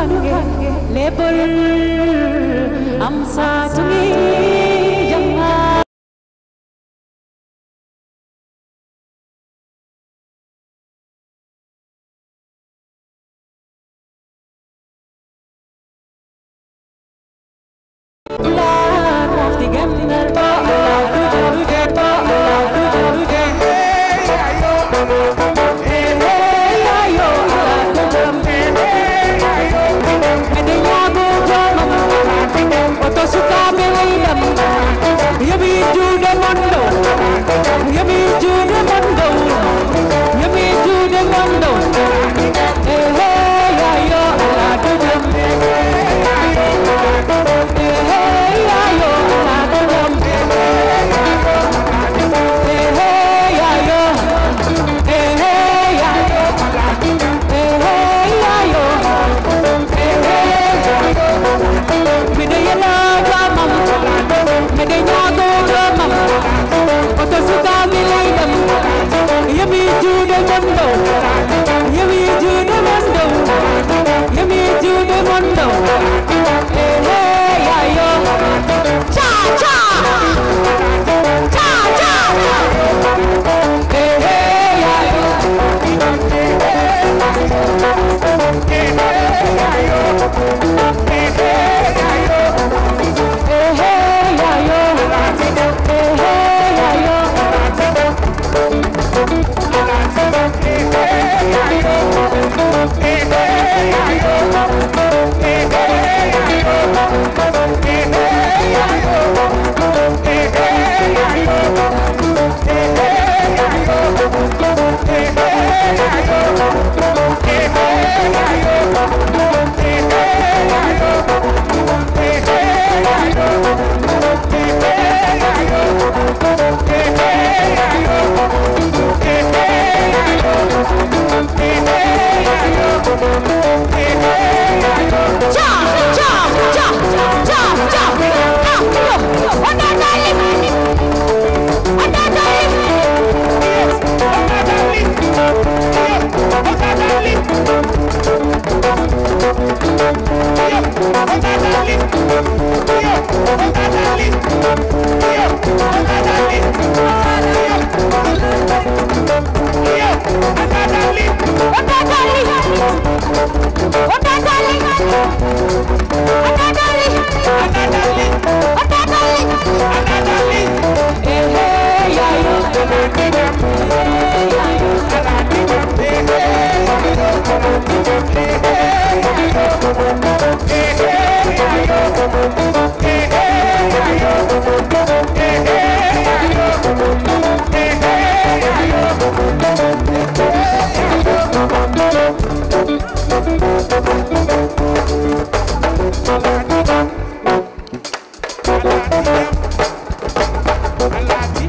hange lebul am sa Yemi do the mondo, Yemi do the mondo, I like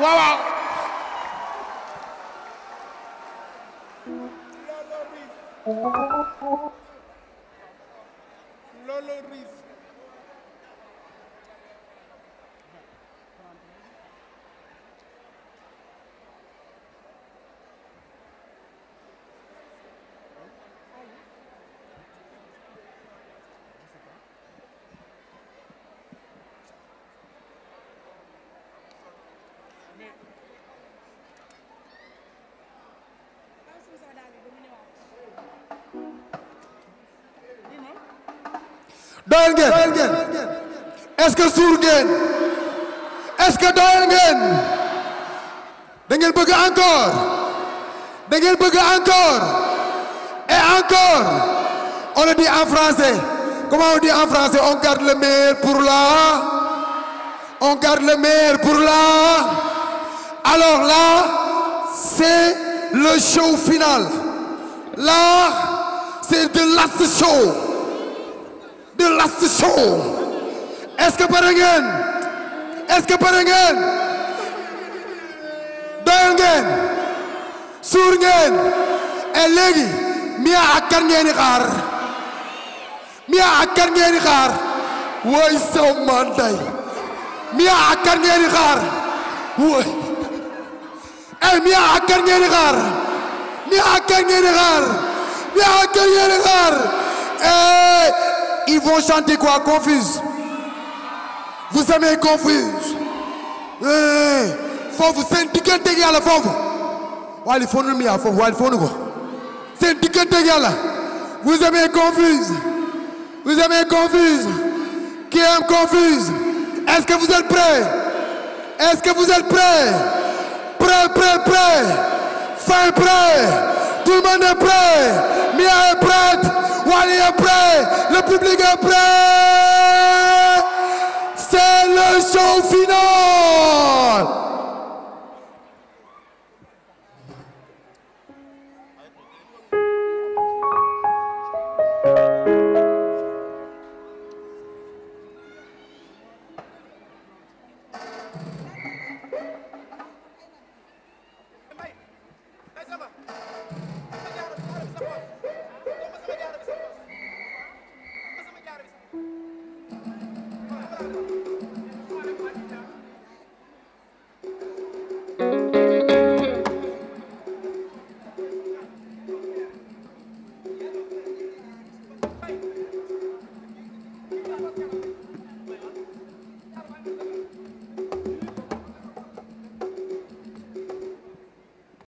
waaw waaw Lolo doyal ngeen est-ce que suur ngeen est-ce que doyal ngeen da ngeen bëgg encore da ngeen bëgg encore et encore on le dit en français comment on dit en français on garde le meilleur pour la on garde le meilleur pour la alors là c'est le show final là c'est de last show the last show est-ce que pare ngeen est suur ngeen et léegi Mia ak kan ngeen woy saw man day Mia ak kan ngeen di xaar woy ey eh, Mia ak kan ngeen di xaar Mia ak kan ngeen di xaar Mia ak kan ngeen di xaar ey eh, ils vont chanter quoi Confuse. Vous aimez Confuse. foofu seen digganteeg yàlla foofu. waaye fóonu mi yaa foofu waaye fóonu ko. seen digganteeg yàlla. vous aimez Confuse. vous aimez Confuse. qui aime Confuse. est-ce que vous êtes prêts. est-ce que vous êtes prêts. prêts prêts prêts. fin prêts. tout le monde est prêt. Mia est prête, Wally est prêt, le public est prêt. C'est le show final.